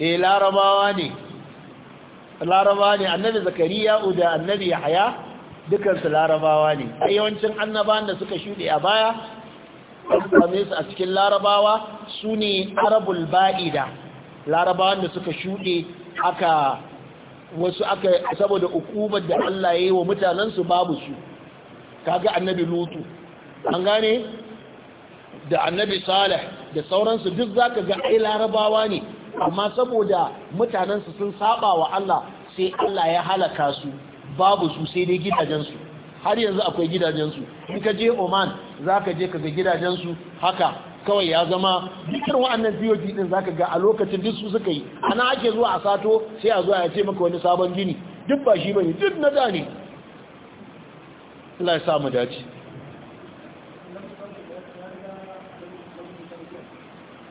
e larabawa ne larabawa ne annabi zakariya da annabi yahaya dukansu larabawa ne a yawancin annabawan da suka shuɗe a baya same su a cikin larabawa su ne arabul ba'ida larabawan da suka shuɗe aka wasu aka saboda hukumar da Allah ya yi wa mutanensu babu su Ka ga annabi lutu an gane da annabi salih da sauransu duk za ka ga ai larabawa ne amma saboda mutanensu sun saba wa Allah sai Allah ya halaka su babu su sai dai gidajensu har yanzu akwai gidajensu in ka je Oman za ka je ka ga gidajensu haka kawai ya zama dukkan wa'annan POG din ka ga a lokacin duk su suka yi ana ake zuwa a sato sai a zuwa ya ce maka wani sabon gini duk ba shi ba ne duk na da ne Allah ya sa mu dace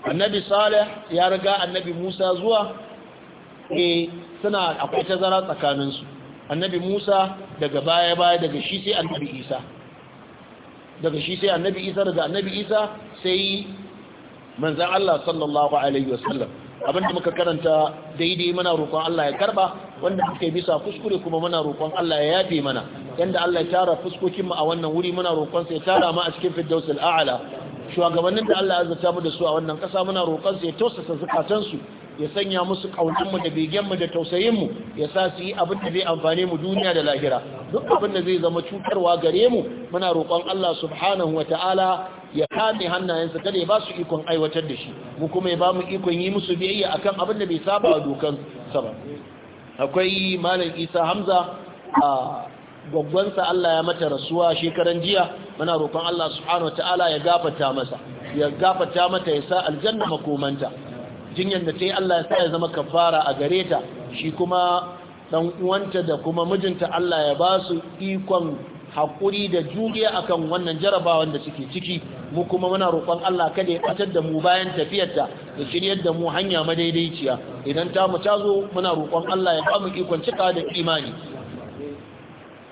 annabi salih ya riga annabi musa zuwa e suna akwai tazara tsakaninsu annabi musa daga baya-baya daga shi sai annabi isa daga shi sai annabi isa daga annabi isa sai manzan allah sallallahu alaihi wasallam abinda muka karanta daidai mana roƙon allah ya karba wanda muka bisa kuskure kuma mana roƙon allah ya yafe mana yanda Allah ya tara fuskokin mu a wannan wuri muna roƙon sa ya tara mu a cikin firdausul a'la shugabannin da Allah ya azurta mu da su a wannan ƙasa muna roƙon sa ya tausasa zakatan su ya sanya musu kaunar mu da begen mu da tausayin mu ya sa su yi abin da zai amfane mu duniya da lahira duk abin da zai zama cutarwa gare mu muna roƙon Allah subhanahu wataala ya kame hannayensa kada ya ba su ikon aiwatar da shi mu kuma ya ba mu ikon yi musu biyayya akan abin da bai saba wa dokan sa ba akwai malam isa hamza a gwaggwansa Allah ya mata rasuwa shekaran jiya muna roƙon Allah subhanahu wataala ya gafarta masa ya gafarta mata ya sa aljanna makomanta jinyar da ta yi Allah ya sa ya zama kafara a gare ta shi kuma dan uwanta da kuma mijinta Allah ya ba su ikon haƙuri da juriya akan wannan jarabawan da suke ciki mu kuma muna roƙon Allah kada ya ɓatar da mu bayan tafiyarta da shiryar da mu hanya madaidaiciya idan ta mu tazo muna roƙon Allah ya ba mu ikon cika da imani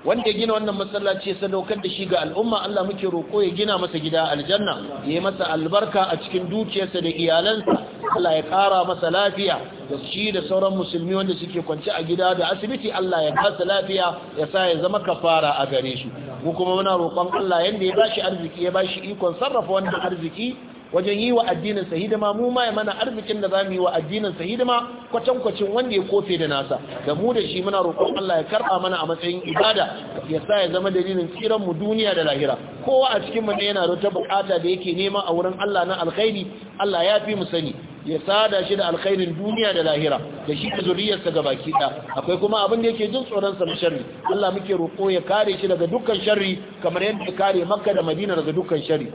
wanda ya gina wannan masallaci ya sadaukar da shi ga al'umma Allah muke roƙo ya gina masa gida aljanna ya yi masa albarka a cikin dukiyarsa da iyalansa Allah ya ƙara masa lafiya da shi da sauran musulmi wanda suke kwance a gida da asibiti Allah ya basa lafiya ya sa ya zama kafara a gare shi mu kuma muna roƙon Allah yanda ya bashi arziki ya bashi ikon sarrafa wannan arziki wajen yi wa addinin sa hidima mu ma ya mana arzikin da zamu yi wa addinin sa hidima kwacan kwacin wanda ya kofe da nasa da mu da shi muna roƙon Allah ya karɓa mana a matsayin ibada ya sa ya zama dalilin tsiran mu duniya da lahira kowa a cikin mu ne yana da wata bukata da yake nema a wurin Allah na alkhairi Allah ya fi mu sani ya sada shi da alkhairin duniya da lahira da shi da zuriyarsa ga baki da akwai kuma abin da yake jin tsoron sa sharri Allah muke roƙo ya kare shi daga dukkan sharri kamar yadda ya kare Makka da Madina daga dukkan sharri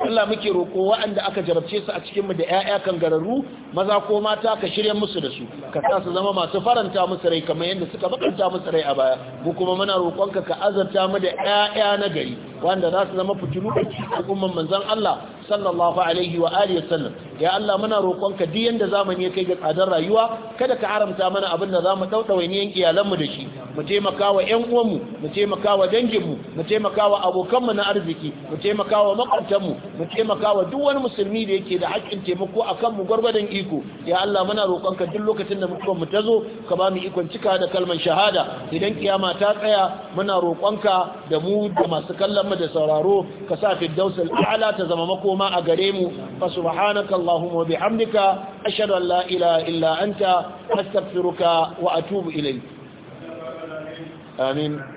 Allah muke roƙo waɗanda aka jarabce su a cikinmu da 'ya'ya kan gararu maza ko mata ka shirya musu da su ka sa su zama masu faranta musu rai kamar yadda suka bakanta musu rai a baya mu kuma muna roƙonka ka azarta mu da 'ya'ya na gari wanda za su zama fitilu a cikin al'umman manzon Allah sallallahu alaihi wa alihi sallam ya Allah muna roƙonka duk yanda zamani ya kai ga tsadar rayuwa kada ka haramta mana abin da zamu daudawa ne yan mu da shi mu taimakawa wa ƴan uwanmu mu taimakawa wa danginmu mu taimakawa abokanmu na arziki mu taimakawa wa makwabtanmu mu taimakawa duk wani musulmi da yake da haƙƙin taimako akan mu gwargwadon iko ya Allah muna roƙonka duk lokacin da mutuwar mu ta zo ka ba mu ikon cika da kalman shahada idan kiyama ta tsaya muna ka da mu da masu kallon kallonmu da sauraro ka sa firdaus ala ta zama makoma a gare mu fa subhanaka allahumma wa bihamdika ashhadu an la ilaha illa anta astaghfiruka wa atubu ilayk amin